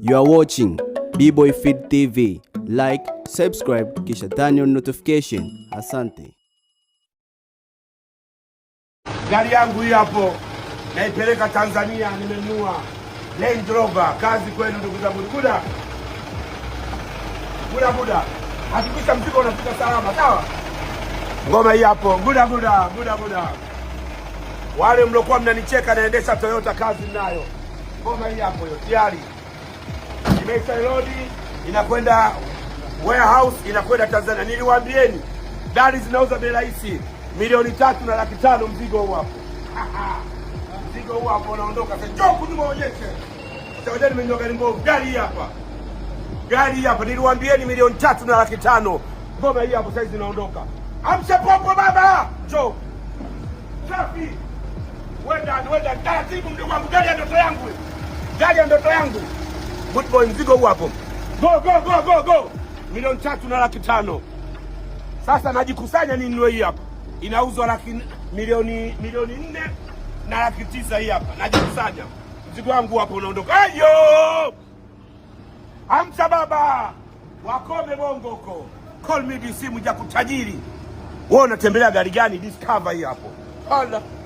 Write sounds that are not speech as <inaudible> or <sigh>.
You are watching B-Boy Feed TV. Like, subscribe kisha turn on notification. Asante. Gari yangu hii hapo naipeleka Tanzania, nimenua Land Rover. Kazi kwenu ndugu zangu. kuda kuda kuda, hakikisha mzigo unafika salama, sawa? Ngoma hii hapo, kuda kuda kuda kuda. Wale mlokuwa mnanicheka naendesha Toyota, kazi nayo. Ngoma hii hapo hiyo tayari. Maisai Road inakwenda warehouse inakwenda Tanzania. Niliwaambieni gari zinauza bei rahisi milioni tatu na laki tano. Mzigo huu hapo, <laughs> mzigo huu hapo unaondoka. Sasa nimenyoa gari mbovu, gari hapa, gari hapa, niliwaambieni milioni tatu na laki tano. Ngoma hii hapo saizi inaondoka. Amsha popo baba, njoo safi, wenda wenda taratibu, mdogo wangu, gari ya ndoto yangu, gari ya ndoto yangu. Good boy, mzigo huu hapo. Go go go go go. Milioni tatu na laki tano. Sasa najikusanya ninunue hii hapa. Inauzwa laki milioni milioni nne na laki tisa hii hapa. Najikusanya. Mzigo wangu hapo unaondoka. Ayo! Amsa baba. Wakome bongo huko. Call me simu ya kutajiri. Wewe unatembelea gari gani? Discover hii hapo. Hala.